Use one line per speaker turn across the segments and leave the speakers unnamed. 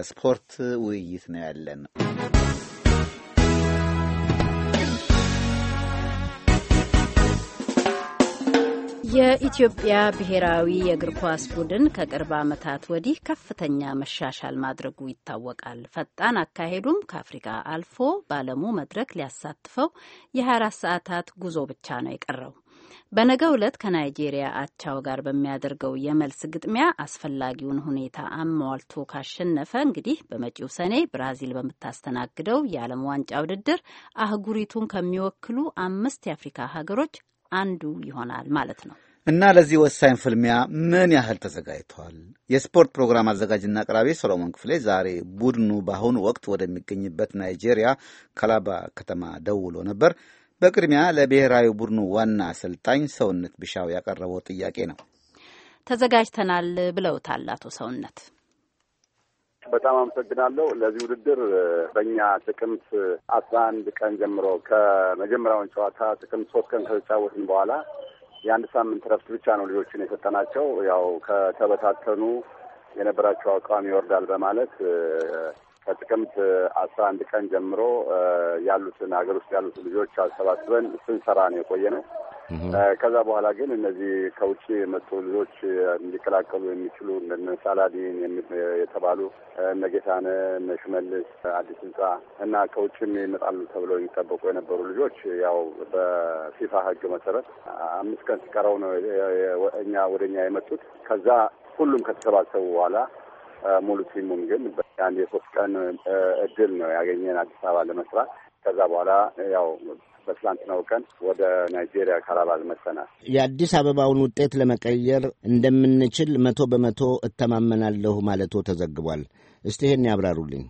የስፖርት ውይይት ነው ያለን። የኢትዮጵያ ብሔራዊ የእግር ኳስ ቡድን ከቅርብ ዓመታት ወዲህ ከፍተኛ መሻሻል ማድረጉ ይታወቃል። ፈጣን አካሄዱም ከአፍሪካ አልፎ በዓለሙ መድረክ ሊያሳትፈው የ24 ሰዓታት ጉዞ ብቻ ነው የቀረው። በነገ ዕለት ከናይጄሪያ አቻው ጋር በሚያደርገው የመልስ ግጥሚያ አስፈላጊውን ሁኔታ አሟልቶ ካሸነፈ እንግዲህ በመጪው ሰኔ ብራዚል በምታስተናግደው የዓለም ዋንጫ ውድድር አህጉሪቱን ከሚወክሉ አምስት የአፍሪካ ሀገሮች አንዱ ይሆናል ማለት ነው። እና ለዚህ ወሳኝ ፍልሚያ ምን ያህል ተዘጋጅተዋል? የስፖርት ፕሮግራም አዘጋጅና አቅራቢ ሶሎሞን ክፍሌ ዛሬ ቡድኑ በአሁኑ ወቅት ወደሚገኝበት ናይጄሪያ ከላባ ከተማ ደውሎ ነበር። በቅድሚያ ለብሔራዊ ቡድኑ ዋና አሰልጣኝ ሰውነት ቢሻው ያቀረበው ጥያቄ ነው። ተዘጋጅተናል ብለውታል አቶ ሰውነት።
በጣም አመሰግናለሁ። ለዚህ ውድድር በእኛ ጥቅምት አስራ አንድ ቀን ጀምሮ ከመጀመሪያውን ጨዋታ ጥቅምት ሶስት ቀን ከተጫወትን በኋላ የአንድ ሳምንት ረፍት ብቻ ነው ልጆችን የሰጠናቸው። ያው ከተበታተኑ የነበራቸው አቋም ይወርዳል በማለት ከጥቅምት አስራ አንድ ቀን ጀምሮ ያሉትን ሀገር ውስጥ ያሉትን ልጆች አሰባስበን ስንሰራ ነው የቆየ ነው። ከዛ በኋላ ግን እነዚህ ከውጭ የመጡ ልጆች እንዲቀላቀሉ የሚችሉ እነ ሳላዲን የተባሉ እነ ጌታነ፣ እነ ሽመልስ አዲስ ህንጻ እና ከውጭም ይመጣሉ ተብለው የሚጠበቁ የነበሩ ልጆች ያው በፊፋ ህግ መሰረት አምስት ቀን ሲቀረው ነው እኛ ወደኛ የመጡት። ከዛ ሁሉም ከተሰባሰቡ በኋላ ሙሉ ቲሙም ግን አንድ የሶስት ቀን እድል ነው ያገኘን አዲስ አበባ ለመስራት። ከዛ በኋላ ያው በትላንትናው ቀን ወደ ናይጄሪያ ካላባል መሰናል።
የአዲስ አበባውን ውጤት ለመቀየር እንደምንችል መቶ በመቶ እተማመናለሁ ማለቶ ተዘግቧል። እስቲ ይሄን ያብራሩልኝ።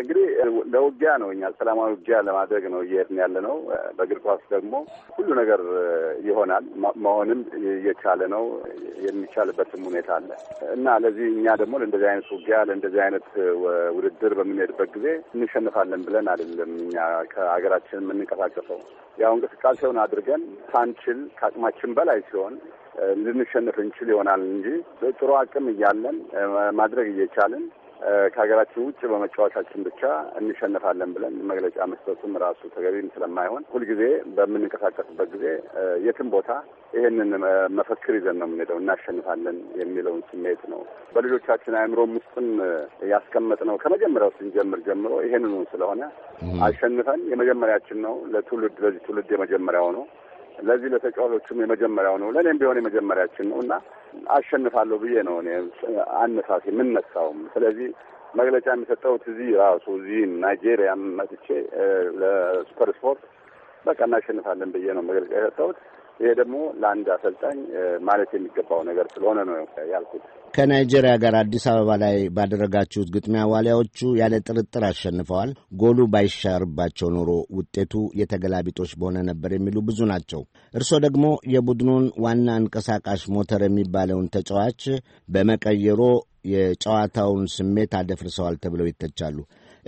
እንግዲህ ለውጊያ ነው። እኛ ሰላማዊ ውጊያ ለማድረግ ነው እየሄድን ያለ ነው። በእግር ኳስ ደግሞ ሁሉ ነገር ይሆናል። መሆንም እየቻለ ነው። የሚቻልበትም ሁኔታ አለ እና ለዚህ እኛ ደግሞ ለእንደዚህ አይነት ውጊያ ለእንደዚህ አይነት ውድድር በምንሄድበት ጊዜ እንሸንፋለን ብለን አይደለም እኛ ከሀገራችን የምንንቀሳቀሰው። ያው እንቅስቃሴውን አድርገን ሳንችል ከአቅማችን በላይ ሲሆን ልንሸንፍ እንችል ይሆናል እንጂ ጥሩ አቅም እያለን ማድረግ እየቻልን ከሀገራችን ውጭ በመጫወታችን ብቻ እንሸነፋለን ብለን መግለጫ መስጠቱም ራሱ ተገቢም ስለማይሆን ሁልጊዜ በምንንቀሳቀስበት ጊዜ የትም ቦታ ይህንን መፈክር ይዘን ነው የምንሄደው፣ እናሸንፋለን የሚለውን ስሜት ነው በልጆቻችን አእምሮም ውስጥም ነው። ከመጀመሪያው ስንጀምር ጀምሮ ይህንኑ ስለሆነ አሸንፈን የመጀመሪያችን ነው ለትውልድ ለዚህ ትውልድ የመጀመሪያው ነው። ለዚህ ለተጫዋቾቹም የመጀመሪያው ነው፣ ለእኔም ቢሆን የመጀመሪያችን ነው እና አሸንፋለሁ ብዬ ነው እኔ አነሳሴ የምነሳውም። ስለዚህ መግለጫ የሚሰጠውት እዚህ ራሱ እዚህ ናይጄሪያ መጥቼ ለሱፐር ስፖርት በቃ እናሸንፋለን ብዬ ነው መግለጫ የሰጠውት። ይሄ ደግሞ ለአንድ አሰልጣኝ ማለት የሚገባው ነገር ስለሆነ ነው ያልኩት።
ከናይጄሪያ ጋር አዲስ አበባ ላይ ባደረጋችሁት ግጥሚያ ዋሊያዎቹ ያለ ጥርጥር አሸንፈዋል። ጎሉ ባይሻርባቸው ኖሮ ውጤቱ የተገላቢጦች በሆነ ነበር የሚሉ ብዙ ናቸው። እርስዎ ደግሞ የቡድኑን ዋና አንቀሳቃሽ ሞተር የሚባለውን ተጫዋች በመቀየሮ የጨዋታውን ስሜት አደፍርሰዋል ተብለው ይተቻሉ።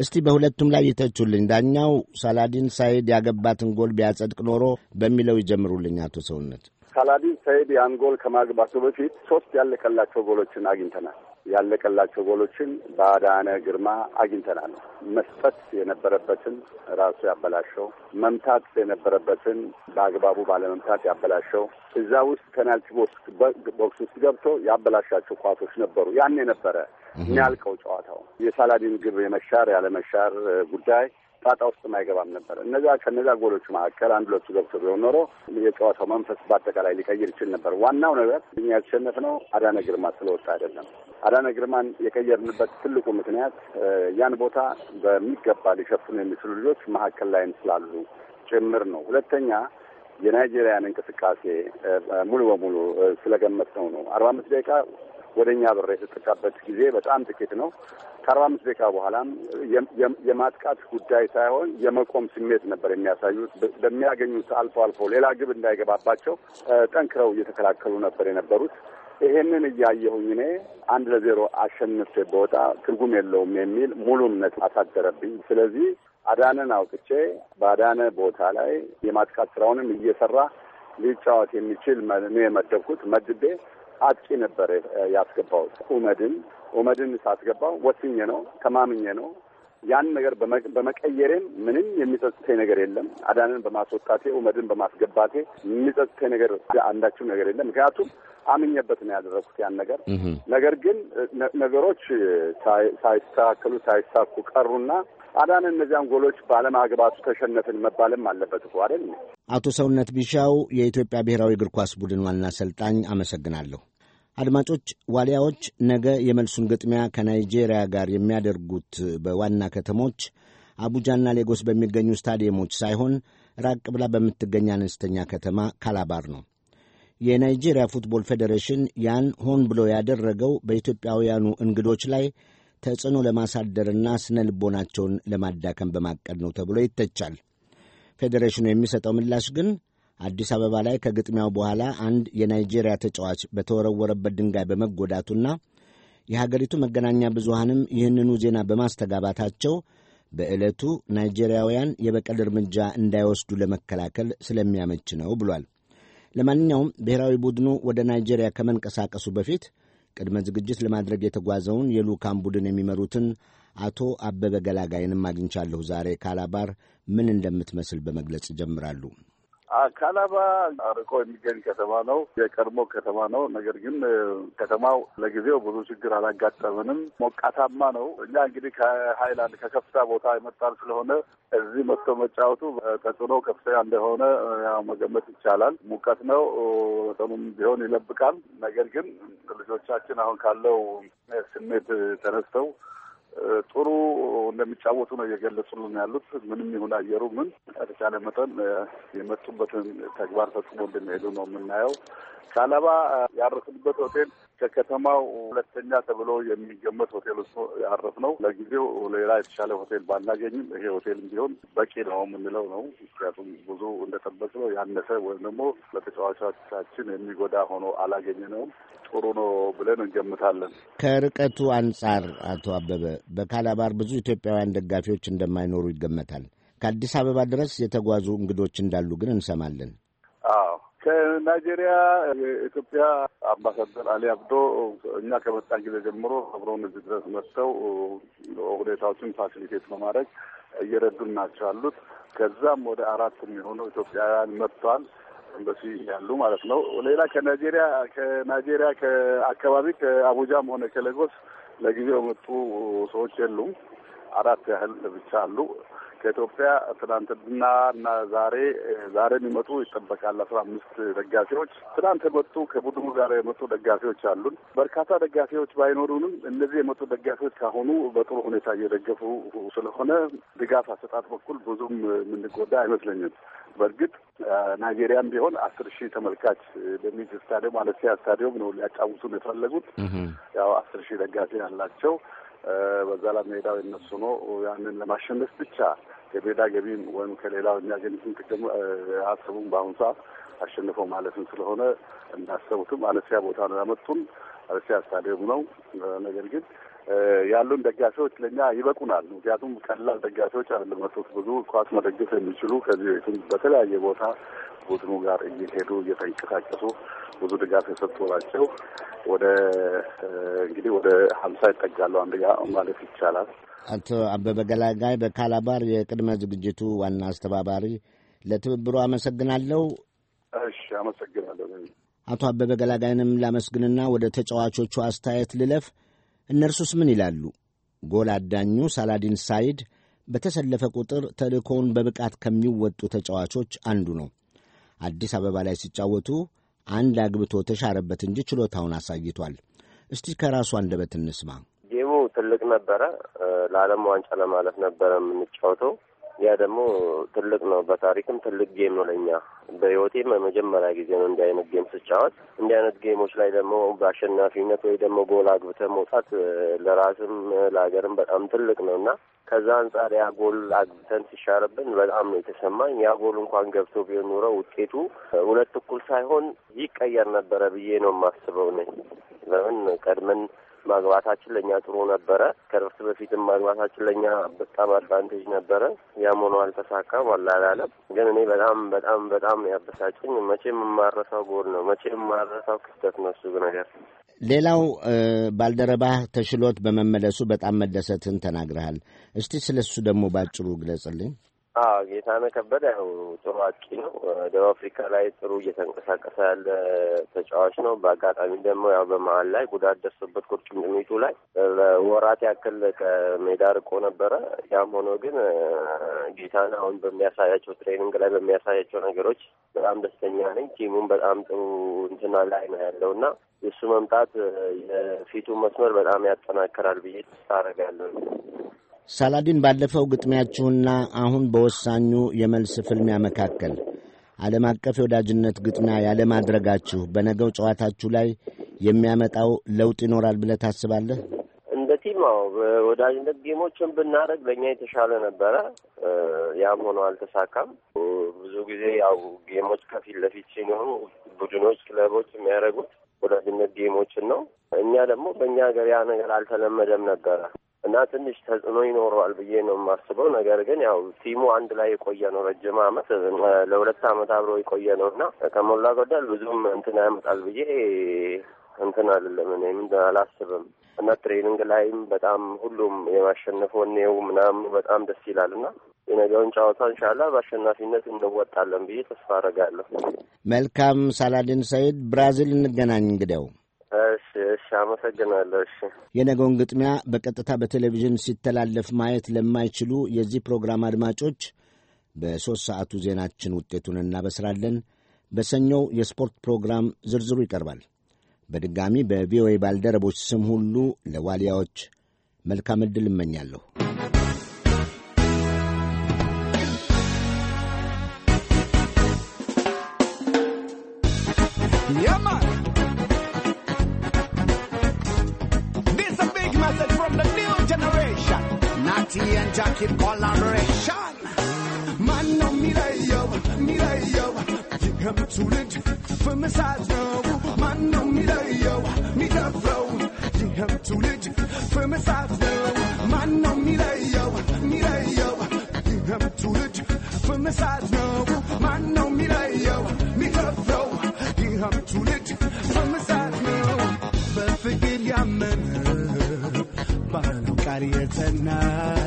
እስቲ በሁለቱም ላይ ይተቹልኝ። ዳኛው ሳላዲን ሳይድ ያገባትን ጎል ቢያጸድቅ ኖሮ በሚለው ይጀምሩልኝ አቶ ሰውነት።
ሳላዲን ሰይድ ያን ጎል ከማግባቱ በፊት ሶስት ያለቀላቸው ጎሎችን አግኝተናል። ያለቀላቸው ጎሎችን በአዳነ ግርማ አግኝተናል። መስጠት የነበረበትን ራሱ ያበላሸው፣ መምታት የነበረበትን በአግባቡ ባለመምታት ያበላሸው፣ እዛ ውስጥ ፔናልቲ ቦክስ ውስጥ ገብቶ ያበላሻቸው ኳሶች ነበሩ። ያን የነበረ የሚያልቀው ጨዋታው የሳላዲን ግብ የመሻር ያለመሻር ጉዳይ ጣጣ ውስጥም አይገባም ነበር። እነዛ ከነዛ ጎሎች መካከል አንድ ሁለቱ ገብቶ ቢሆን ኖሮ የጨዋታው መንፈስ በአጠቃላይ ሊቀይር ይችል ነበር። ዋናው ነገር እኛ ያሸነፍነው አዳነ ግርማ ስለወጣ አይደለም። አዳነ ግርማን የቀየርንበት ትልቁ ምክንያት ያን ቦታ በሚገባ ሊሸፍኑ የሚችሉ ልጆች መካከል ላይም ስላሉ ጭምር ነው። ሁለተኛ የናይጄሪያን እንቅስቃሴ ሙሉ በሙሉ ስለገመት ነው ነው አርባ አምስት ደቂቃ ወደ እኛ ብር የተጠቃበት ጊዜ በጣም ጥቂት ነው። ከአርባ አምስት ደቂቃ በኋላም የማጥቃት ጉዳይ ሳይሆን የመቆም ስሜት ነበር የሚያሳዩት። በሚያገኙት አልፎ አልፎ ሌላ ግብ እንዳይገባባቸው ጠንክረው እየተከላከሉ ነበር የነበሩት። ይሄንን እያየሁኝ እኔ አንድ ለዜሮ አሸንፌ በወጣ ትርጉም የለውም የሚል ሙሉ እምነት አሳደረብኝ። ስለዚህ አዳነን አውጥቼ በአዳነ ቦታ ላይ የማጥቃት ስራውንም እየሰራ ሊጫወት የሚችል ነው የመደብኩት መድቤ አጥቂ ነበረ ያስገባው ኡመድን ኡመድን ሳስገባው ወስኜ ነው ተማምኜ ነው ያን ነገር በመቀየሬም ምንም የሚጸጽተኝ ነገር የለም። አዳንን በማስወጣቴ ኡመድን በማስገባቴ የሚጸጽተኝ ነገር አንዳችም ነገር የለም። ምክንያቱም አምኜበት ነው ያደረኩት ያን ነገር። ነገር ግን ነገሮች ሳይስተካከሉ ሳይሳኩ ቀሩና አዳነ እነዚያን ጎሎች ባለማግባቱ ተሸነፍን መባልም አለበት እኮ አይደል?
አቶ ሰውነት ቢሻው የኢትዮጵያ ብሔራዊ እግር ኳስ ቡድን ዋና አሰልጣኝ፣ አመሰግናለሁ። አድማጮች፣ ዋሊያዎች ነገ የመልሱን ግጥሚያ ከናይጄሪያ ጋር የሚያደርጉት በዋና ከተሞች አቡጃና ሌጎስ በሚገኙ ስታዲየሞች ሳይሆን ራቅ ብላ በምትገኝ አነስተኛ ከተማ ካላባር ነው። የናይጄሪያ ፉትቦል ፌዴሬሽን ያን ሆን ብሎ ያደረገው በኢትዮጵያውያኑ እንግዶች ላይ ተጽዕኖ ለማሳደርና ስነ ልቦናቸውን ለማዳከም በማቀድ ነው ተብሎ ይተቻል። ፌዴሬሽኑ የሚሰጠው ምላሽ ግን አዲስ አበባ ላይ ከግጥሚያው በኋላ አንድ የናይጄሪያ ተጫዋች በተወረወረበት ድንጋይ በመጎዳቱና የሀገሪቱ መገናኛ ብዙሃንም ይህንኑ ዜና በማስተጋባታቸው በዕለቱ ናይጄሪያውያን የበቀል እርምጃ እንዳይወስዱ ለመከላከል ስለሚያመች ነው ብሏል። ለማንኛውም ብሔራዊ ቡድኑ ወደ ናይጄሪያ ከመንቀሳቀሱ በፊት ቅድመ ዝግጅት ለማድረግ የተጓዘውን የልዑካን ቡድን የሚመሩትን አቶ አበበ ገላጋይንም አግኝቻለሁ። ዛሬ ካላባር ምን እንደምትመስል በመግለጽ ይጀምራሉ።
ካላባ አርቆ የሚገኝ ከተማ ነው። የቀድሞ ከተማ ነው። ነገር ግን ከተማው ለጊዜው ብዙ ችግር አላጋጠምንም። ሞቃታማ ነው። እኛ እንግዲህ ከሀይላንድ ከከፍታ ቦታ የመጣን ስለሆነ እዚህ መጥቶ መጫወቱ ተጽዕኖ ከፍተኛ እንደሆነ ያው መገመት ይቻላል። ሙቀት ነው፣ መጠኑም ቢሆን ይለብቃል። ነገር ግን ልጆቻችን አሁን ካለው ስሜት ተነስተው ጥሩ እንደሚጫወቱ ነው እየገለጹልን ያሉት። ምንም ይሁን አየሩ ምን ከተቻለ መጠን የመጡበትን ተግባር ፈጽሞ እንደሚሄዱ ነው የምናየው። ከአላባ ያረፍንበት ሆቴል ከከተማው ሁለተኛ ተብሎ የሚገመት ሆቴል ውስጥ ያረፍ ነው። ለጊዜው ሌላ የተሻለ ሆቴል ባናገኝም ይሄ ሆቴል እንዲሆን በቂ ነው የምንለው ነው። ምክንያቱም ብዙ እንደጠበቅነው ያነሰ ወይም ደግሞ ለተጫዋቻችን የሚጎዳ ሆኖ አላገኘነውም። ጥሩ ነው ብለን እንገምታለን።
ከርቀቱ አንጻር አቶ አበበ በካላባር ብዙ ኢትዮጵያውያን ደጋፊዎች እንደማይኖሩ ይገመታል። ከአዲስ አበባ ድረስ የተጓዙ እንግዶች እንዳሉ ግን እንሰማለን።
ከናይጄሪያ የኢትዮጵያ አምባሳደር አሊ አብዶ እኛ ከመጣን ጊዜ ጀምሮ አብረውን እዚህ ድረስ መጥተው ሁኔታዎችን ፋሲሊቴት በማድረግ እየረዱን ናቸው ያሉት። ከዛም ወደ አራት የሚሆኑ ኢትዮጵያውያን መጥቷል። ኤምባሲ ያሉ ማለት ነው። ሌላ ከናይጄሪያ ከናይጄሪያ ከአካባቢ ከአቡጃም ሆነ ከሌጎስ ለጊዜው የመጡ ሰዎች የሉም። አራት ያህል ብቻ አሉ። ከኢትዮጵያ ትናንትና እና ዛሬ ዛሬ የሚመጡ ይጠበቃል። አስራ አምስት ደጋፊዎች ትናንት የመጡ ከቡድኑ ጋር የመጡ ደጋፊዎች አሉን። በርካታ ደጋፊዎች ባይኖሩንም እነዚህ የመጡ ደጋፊዎች ካሁኑ በጥሩ ሁኔታ እየደገፉ ስለሆነ ድጋፍ አሰጣጥ በኩል ብዙም የምንጎዳ አይመስለኝም። በእርግጥ ናይጄሪያም ቢሆን አስር ሺህ ተመልካች በሚዝ ስታዲየም አለሲያ ስታዲየም ነው ሊያጫውቱን የፈለጉት። ያው አስር ሺህ ደጋፊ ያላቸው በዛ ላይ ሜዳው የነሱ ነው። ያንን ለማሸነፍ ብቻ ከሜዳ ገቢም ወይም ከሌላው የሚያገኙትን ጥቅም አስቡም። በአሁኑ ሰዓት አሸንፈው ማለትም ስለሆነ እንዳሰቡትም አነሲያ ቦታ ነው ያመጡን፣ አነሲያ ስታዲየሙ ነው። ነገር ግን ያሉን ደጋፊዎች ለእኛ ይበቁናል። ምክንያቱም ቀላል ደጋፊዎች አይደለም መጡት ብዙ ኳስ መደገፍ የሚችሉ ከዚህ ቤትም በተለያየ ቦታ ቡድኑ ጋር እየሄዱ እየተንቀሳቀሱ ብዙ ድጋፍ የሰጡ ወደ እንግዲህ ወደ ሀምሳ ይጠጋሉ አንድ ማለት ይቻላል።
አቶ አበበ ገላጋይ በካላባር የቅድመ ዝግጅቱ ዋና አስተባባሪ፣ ለትብብሩ አመሰግናለሁ። እሺ አመሰግናለሁ። አቶ አበበ ገላጋይንም ላመስግንና ወደ ተጫዋቾቹ አስተያየት ልለፍ። እነርሱስ ምን ይላሉ? ጎል አዳኙ ሳላዲን ሳይድ በተሰለፈ ቁጥር ተልእኮውን በብቃት ከሚወጡ ተጫዋቾች አንዱ ነው። አዲስ አበባ ላይ ሲጫወቱ አንድ አግብቶ ተሻረበት እንጂ ችሎታውን አሳይቷል። እስቲ ከራሱ አንደበት እንስማ።
ጌቡ ትልቅ ነበረ። ለዓለም ዋንጫ ለማለፍ ነበረ የምንጫወተው ያ ደግሞ ትልቅ ነው። በታሪክም ትልቅ ጌም ነው ለእኛ። በህይወቴም መጀመሪያ ጊዜ ነው እንዲህ አይነት ጌም ስጫወት። እንዲህ አይነት ጌሞች ላይ ደግሞ በአሸናፊነት ወይ ደግሞ ጎል አግብተ መውጣት ለራስም ለሀገርም በጣም ትልቅ ነው እና ከዛ አንጻር ያ ጎል አግብተን ሲሻረብን በጣም ነው የተሰማኝ። ያ ጎል እንኳን ገብቶ ቢሆን ኑረው ውጤቱ ሁለት እኩል ሳይሆን ይቀየር ነበረ ብዬ ነው የማስበው ነኝ። ለምን ቀድመን ማግባታችን ለእኛ ጥሩ ነበረ። ከረፍት በፊትም ማግባታችን ለእኛ በጣም አድቫንቴጅ ነበረ። ያም ሆኖ አልተሳካም፣ አላላለም። ግን እኔ በጣም በጣም በጣም ያበሳጭኝ መቼም የማረሳው ጎል ነው፣ መቼም የማረሳው ክስተት ነው እሱ ነገር።
ሌላው ባልደረባህ ተሽሎት በመመለሱ በጣም መደሰትን ተናግረሃል። እስቲ ስለ እሱ ደግሞ ባጭሩ ግለጽልኝ።
አዎ ጌታነህ ከበደ ያው ጥሩ አጥቂ ነው። ደቡብ አፍሪካ ላይ ጥሩ እየተንቀሳቀሰ ያለ ተጫዋች ነው። በአጋጣሚ ደግሞ ያው በመሀል ላይ ጉዳት ደርሶበት ቁርጭምጭሚቱ ላይ ወራት ያክል ከሜዳ ርቆ ነበረ። ያም ሆኖ ግን ጌታነህ አሁን በሚያሳያቸው ትሬኒንግ ላይ በሚያሳያቸው ነገሮች በጣም ደስተኛ ነኝ። ቲሙም በጣም ጥሩ እንትና ላይ ነው ያለው እና የእሱ መምጣት የፊቱ መስመር በጣም ያጠናክራል ብዬ ተስፋ
አደርጋለሁ። ሳላዲን ባለፈው ግጥሚያችሁና አሁን በወሳኙ የመልስ ፍልሚያ መካከል ዓለም አቀፍ የወዳጅነት ግጥሚያ ያለማድረጋችሁ በነገው ጨዋታችሁ ላይ የሚያመጣው ለውጥ ይኖራል ብለህ ታስባለህ?
እንደ ቲም ው ወዳጅነት ጌሞችን ብናደርግ ለእኛ የተሻለ ነበረ። ያም ሆኖ አልተሳካም። ብዙ ጊዜ ያው ጌሞች ከፊት ለፊት ሲኖሩ ቡድኖች፣ ክለቦች የሚያደርጉት ወዳጅነት ጌሞችን ነው። እኛ ደግሞ በእኛ ሀገር ያ ነገር አልተለመደም ነበረ። እና ትንሽ ተጽዕኖ ይኖረዋል ብዬ ነው የማስበው። ነገር ግን ያው ቲሙ አንድ ላይ የቆየ ነው ረጅም አመት ለሁለት አመት አብሮ የቆየ ነው እና ከሞላ ጎደል ብዙም እንትን ያመጣል ብዬ እንትን አይደለም እኔ አላስብም። እና ትሬኒንግ ላይም በጣም ሁሉም የማሸነፍ ወኔው ምናምኑ በጣም ደስ ይላል እና የነገውን ጨዋታ እንሻላ በአሸናፊነት እንወጣለን ብዬ ተስፋ አረጋለሁ።
መልካም ሳላዲን ሰይድ፣ ብራዚል እንገናኝ እንግዲያው። እሺ እሺ፣ አመሰግናለሁ። እሺ፣ የነገውን ግጥሚያ በቀጥታ በቴሌቪዥን ሲተላለፍ ማየት ለማይችሉ የዚህ ፕሮግራም አድማጮች በሦስት ሰዓቱ ዜናችን ውጤቱን እናበስራለን። በሰኞው የስፖርት ፕሮግራም ዝርዝሩ ይቀርባል። በድጋሚ በቪኦኤ ባልደረቦች ስም ሁሉ ለዋልያዎች መልካም ዕድል እመኛለሁ።
Yeah, man. Party and Jackie collaboration. Man, no, mira yo, mira yo. him to it for me size now. Man, no, mira yo, mira flow. him to it for me size now. Man, no, mira yo, mira yo. him to it for me size now. Man, no, mira yo, mira flow. him to it for me size now. But forget your man. But no carry it tonight.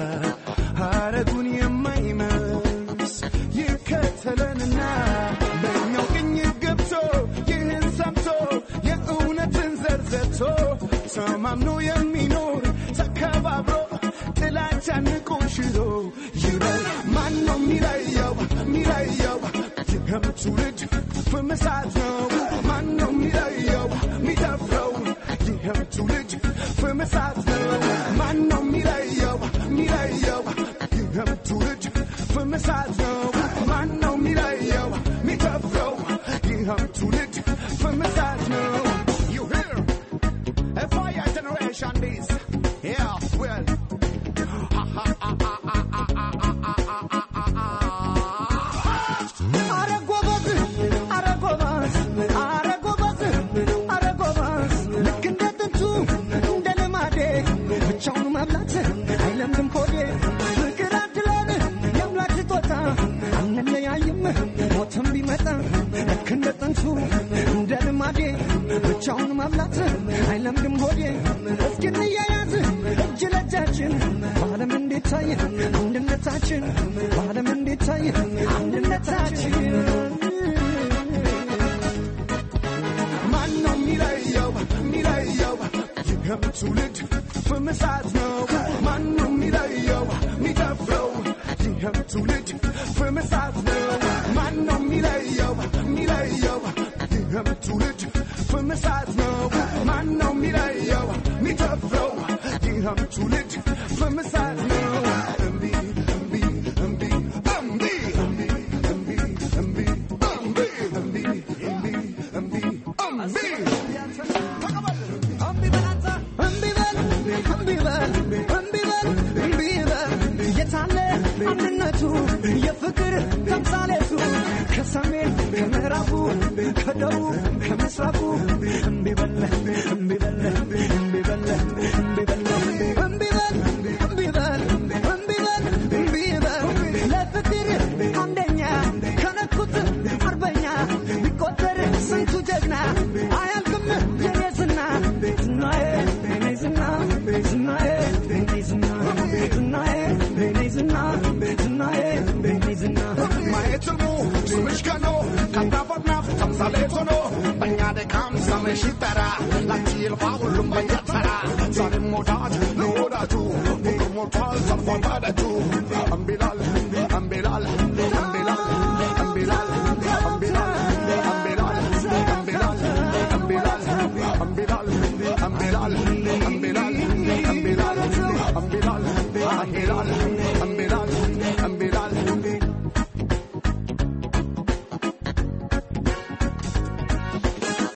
ማምኖ የሚኖር ተከባብሮ ጥላቻን ቆሽሮ ይበል ማነው የሚለየው የሚለየው ይህም ትውልድ ፍምሳት ነው ማነው የሚለየው የሚደፍረው ይህም ትውልድ ፍምሳት ነው ማነው የሚለየው የሚለየው ይህም ትውልድ ፍምሳት ነው ማነው የሚለየው የሚደፍረው ይህም ትውልድ A fire generation this.
አያምድም ሆዴ እስኪ እንያያዝ እጅ ለእጃችን በዓለም እንዲታይ አንድነታችን በዓለም እንዲታይ አንድነታችን
ማነው የሚለየው የሚለየው ይህም ትውልድ ፍምሳት ነው ማነው የሚለየው የሚጠፍረው ይህም ትውልድ ፍምሳት ነው ማነው የሚለየው የሚለየው ይህም ትውልድ ፍምሳት ነው ማነው the flow. Get him to lit from his side now. MB, MB, MB, MB, MB, MB, MB, MB, MB, MB, MB, MB.
Yes, I live. I'm in the two.
tara la tir pa o lumba ya tara sa de mo da